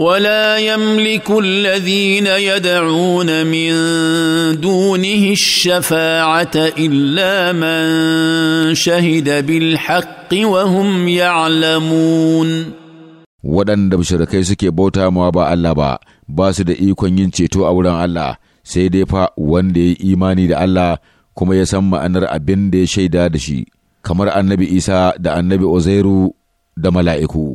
ولا يملك الذين يدعون من دونه الشفاعه الا من شهد بالحق وهم يعلمون waɗanda bashirakai suke bauta ma ba Allah ba ba su da ikon yin ceto a wurin Allah sai dai fa wanda ya yi imani da Allah kuma ya san ma'anar abin da ya shaida da shi kamar annabi Isa da annabi Uzairu da mala'iku